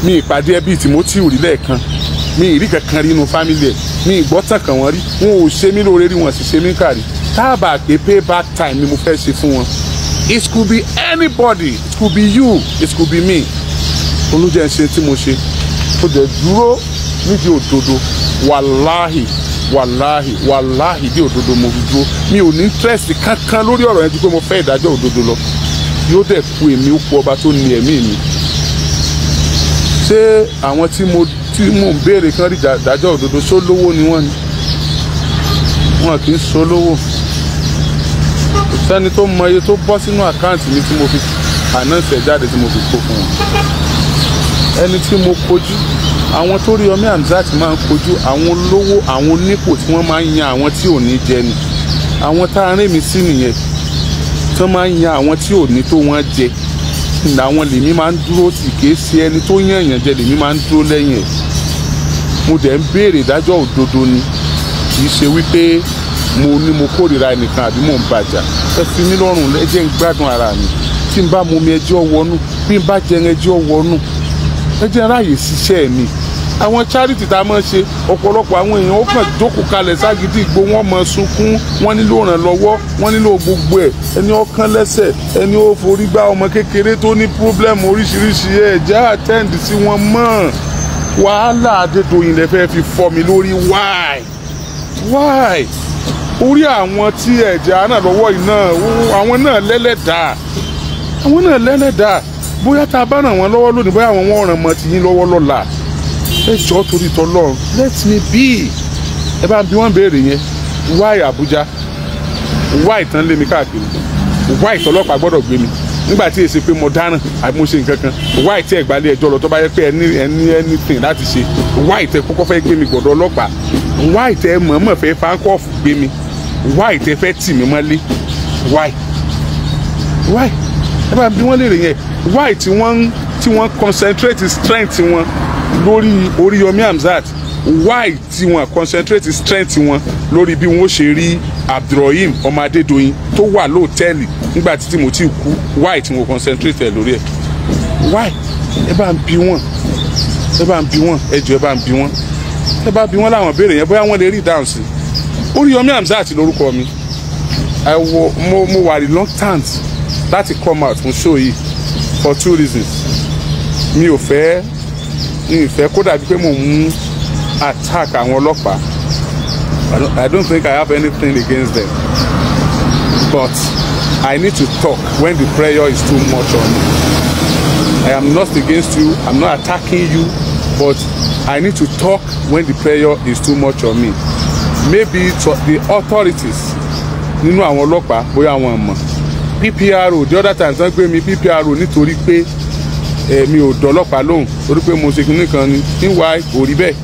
mi ìpàdé ẹbí Timothy rí lẹ́ẹ̀kan mi ìrí kankan rí inú fámìlì ẹ̀ mi ìgbọ́tàn kan wọ́n rí wọn ò ṣe mí lóore rí wọn sì ṣe mí kàrí táàbà pé payback time ni mo fẹ́ ṣe fún wọn it could be anybody it could be you it could be me olùjẹ́ ń ṣe tí mo ṣe ó jẹ́ dúró nídìí òdodo wàláhì wàláhì wàláhì dí òdodo mo fi dúró mi ò ní interest kankan lórí ọ̀rọ̀ yẹn ju pé mo fẹ́ ìdájọ́ òdodo lọ yóò dẹ̀ ku èmi ó ku ọba tó ní ẹ̀mí mi ṣé àwọn tí mo tí mò ń béèrè kan rí ìdájọ́ òdodo ṣó lówó ni wọ́n ni wọn kì í ṣó lówó kò sẹ́ni tó mọ iye tó bọ́ sínú àkáǹtì mi tí mo fi ànáǹsì jáde tí mo fi kó fún wọn ẹni tí mo kojú àwọn tó rí Yomi Hamzat máa ń kojú àwọn olówó àwọn onípò tí wọ́n máa ń yan àwọn tí ò ní jẹ ni àwọn tá a rìn mí sí nìyẹn tí wọ́n máa ń yan àwọn tí ò ní tó wọ́n jẹ làwọn lèmi máa ń dúró tì kìí ṣe ẹni tó yan èèyàn jẹ lèmi máa ń dúró lẹ́yìn ẹ̀ mo dẹ̀ ń béèrè ìdájọ́ òdodo ni kì í ṣe wípé mo ní mo kórìíra ẹnìkan àbí mò ń bàjá ẹ fi mí lọ́rùn ẹ ń gbádùn ara mi tí n bá mu mi ẹjọ́ wọnú bí n bá jẹun ẹjọ́ wọnú ẹ ráàyè ṣiṣẹ́ mi àwọn charity tá a máa ṣe ọ̀pọ̀lọpọ̀ àwọn èèyàn ó kàn jókòó kalẹ̀ ságídí ìgbó wọn máa sunkún wọn nílò ìrànlọ́wọ́ wọn nílò gbogbo ẹ̀ ẹni ọkàn lẹ́sẹ̀ ẹni ó forí gbá ọmọ kékeré tó ní pírọ́blẹ́mù oríṣiríṣi ẹ̀ jẹ́ àtẹ́ǹdì sí wọn mọ́ wàhálà Adédoyin lè fẹ́ fi fọ́ mi lórí why why orí àwọn tí ẹ̀jẹ̀ àánà lọ́wọ́ iná àwọn náà lẹ́lẹ́dàá àwọn náà lẹ́lẹ́dàá bóyá tá a bá ràn wọ́n lọ́wọ́ lónìí bóyá àwọn wọn ràn mọ́ ti yín lọ́wọ́ lọ́la ẹ jọ̀ọ́ torí tọlọ́run let me be ẹ bá ń wọ́n béèrè yẹn why Abuja why tán lé mi káàkiri why tọlọ́pàá gbọ́dọ̀ gbé mi nígbà tí èsì pé mo dáràn àbí mo ṣe nǹkan kan why tẹ ìgbàlẹ̀ ẹjọ́ lọ tó bá yẹ pé ẹni ẹni anything láti ṣe why tẹ kọ́kọ́ fẹ́ gbé mi gbọ́dọ̀ ọlọ́pàá why tẹ mọ̀ọ́mọ̀ fẹ́ fáńkọ́ọ̀fù gbé mi why tẹ fẹ́ tì mí mọ́lé why why ẹ bá bí wọ́n léèrè yẹn why tí wọ́n tí wọ́n concentrate strength wọn lórí Oríyọmí Hamzat why tí wọ́n concentrate strength wọn lórí bí wọ́n ṣe rí Abdulrahim ọmọ Adédoyin tó wà lóòtẹ́ẹ̀lì nígbà tí Timothy kú why tí wọ́n concentrate lórí ẹ̀ why ẹ bá ń bi wọ́n ẹ bá ń bi wọ́n ẹ jọ ẹ bá ń bi wọ́n ẹ bá bi wọ́n láwọn béèrè yẹn bóyá wọ́n lè rí ìdáhùn sí i. Oríyọmí Hamzat lórúkọ mi I wo mo mo wà reluctant láti come out fún show yìí for two reasons mi ò fẹ́ mi ò fẹ́ kó dàbí pé mo mú attack àwọn ọlọ́pàá I don't, I don't think I have anything against them but I need to talk when the pressure is too much on me I am not against you I'm not attacking you but I need to talk when the pressure is too much on me maybe to the authorities nínú àwọn ọlọ́pàá bóyá wọn mọ̀ PPRO the other time tán gbé mi PPRO nítorí pé èmi eh, ò dọ́lọ́pàá lóhùn torí pé mo ṣe kinní kan ni níwá kò rí bẹ́ẹ̀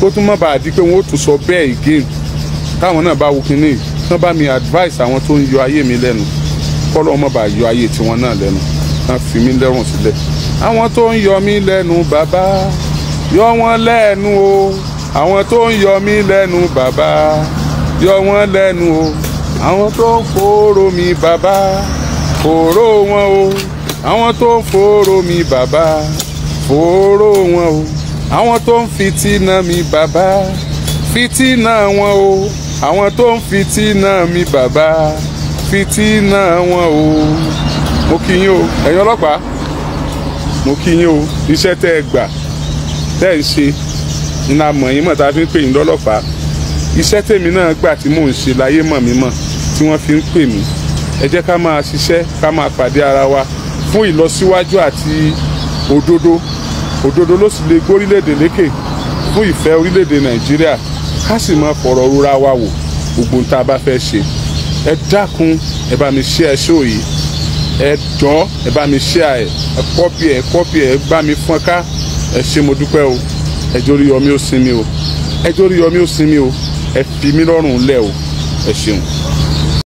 kó tún má bàa di pé wọ́n ó tún sọ bẹ́ẹ̀ again táwọn náà bá wo kinní tán bá mi advice àwọn tó ń yọ ayé mi lẹ́nu kọ́lọ́ má bàa yọ ayé tiwọn náà lẹ́nu tán fi mí lẹ́rùn sílẹ̀ àwọn tó ń yọ mí lẹ́nu bàbá yọ wọ́n lẹ́nu o àwọn tó ń yọ mí lẹ́nu bàbá yọ wọ́n lẹ́nu o àwọn tó ń fòòró mi bàbá fòòró wọn o àwọn tó ń fòòró mi bàbá fòòró wọn o àwọn tó ń fìtínà mi bàbá fìtínà wọn o àwọn tó ń fìtínà mi bàbá fìtínà wọn o mo kí yín o ẹ̀yin ọlọ́pàá mo kí yín o iṣẹ́ tẹ́ ẹ gbà tẹ́ ẹ ṣe ńlá mọ̀ yín mọ̀ tá a fi ń pè yín lọ́lọ́fàá iṣẹ́ tèmi náà gbà tí mò ń ṣe láyé mọ̀ mí mọ̀ tí wọ́n fi ń pè mí ẹ jẹ́ ká máa ṣiṣẹ́ ká máa pàdé ara wa fún ìlọsíwájú àti òdodo òdodo ló sì lè gbórílẹ̀-èdè lékè fún ìfẹ́ orílẹ̀ nàìjíríà ká sì máa fọ̀rọ̀ rúra wa wò gbogbo tá a bá fẹ́ ṣe ẹ dákun ẹ bá mi ṣe ẹ ṣóò yìí ẹ jọ̀ọ́ ẹ bá mi ṣe ẹ kọ́pì ẹ kọ́pì ẹ bá mi fọ́n ká ẹ ṣé mo dúpẹ́ o ẹjọ́ orí yọmí ó sinmi o ẹjọ́ orí yọmí ó sinmi o ẹ fi mí lọ́rùn lẹ̀ o ẹ ṣeun.